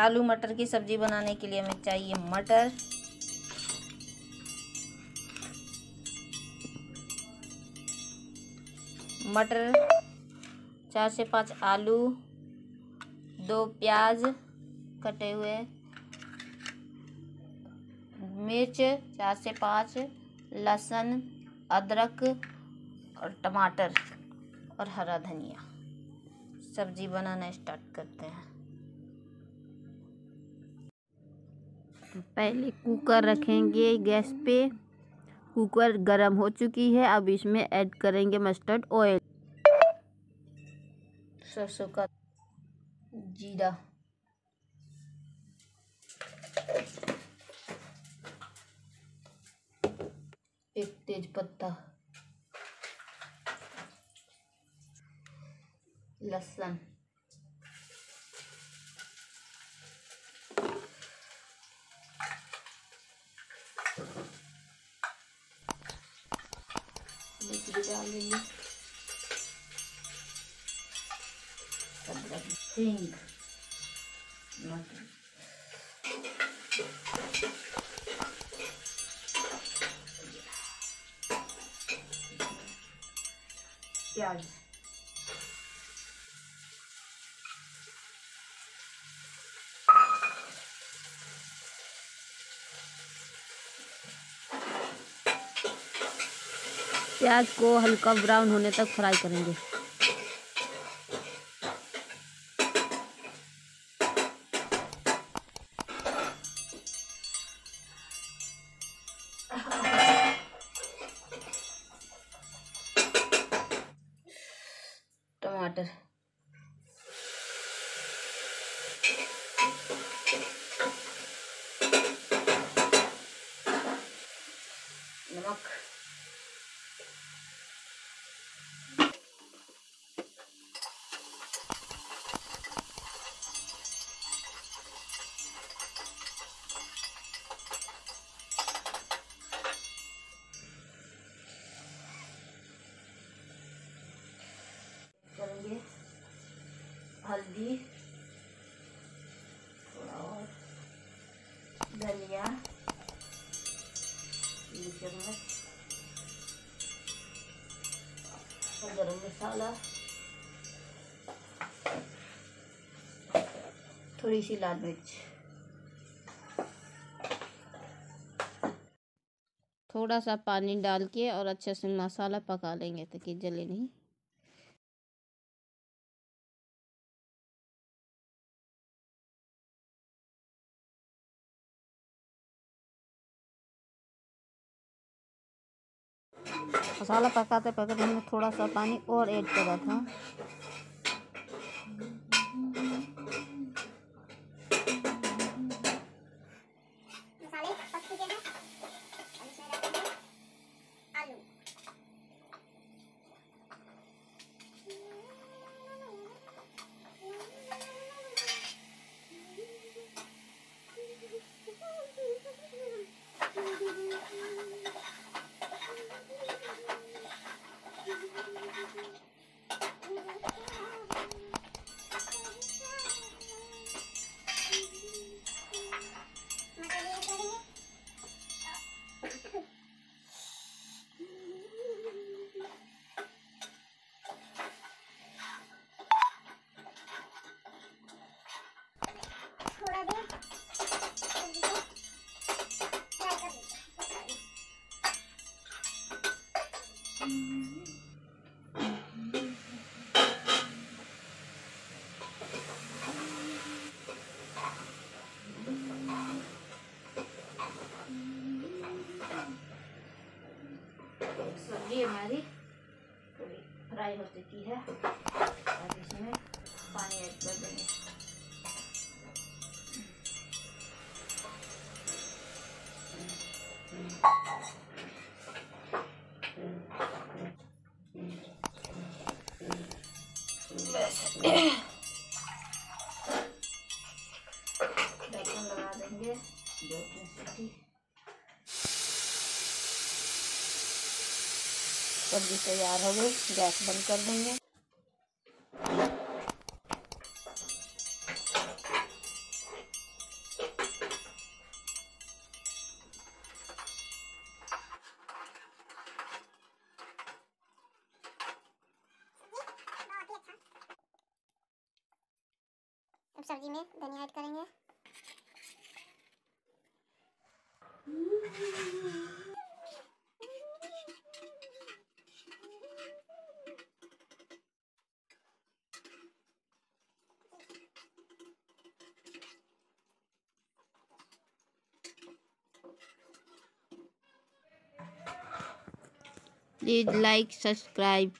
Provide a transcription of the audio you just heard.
आलू मटर की सब्ज़ी बनाने के लिए हमें चाहिए मटर मटर चार से पाँच आलू दो प्याज कटे हुए मिर्च चार से पाँच लहसुन अदरक और टमाटर और हरा धनिया सब्ज़ी बनाना स्टार्ट करते हैं पहले कुकर रखेंगे गैस पे कुकर गरम हो चुकी है अब इसमें ऐड करेंगे मस्टर्ड ऑयल सरसों का जीरा एक तेज पत्ता लहसुन galinha. Pinga. E olha. प्याज को हल्का ब्राउन होने तक फ्राई करेंगे टमाटर नमक हल्दी थोड़ा और धनिया तीन चम्मच और गरम मसाला थोड़ी सी लाल मिर्च थोड़ा सा पानी डाल के और अच्छे से मसाला पका लेंगे ताकि जले नहीं मसाला पकाते पकाते हमने थोड़ा सा पानी और ऐड करा था มันจะเรียก सब्जी हमारी थोड़ी फ्राई हो चुकी है अब इसमें पानी ऐड कर देंगे सब्जी तैयार हो गई गैस बंद कर देंगे सब्जी में धनिया ऐड करेंगे Please like, subscribe.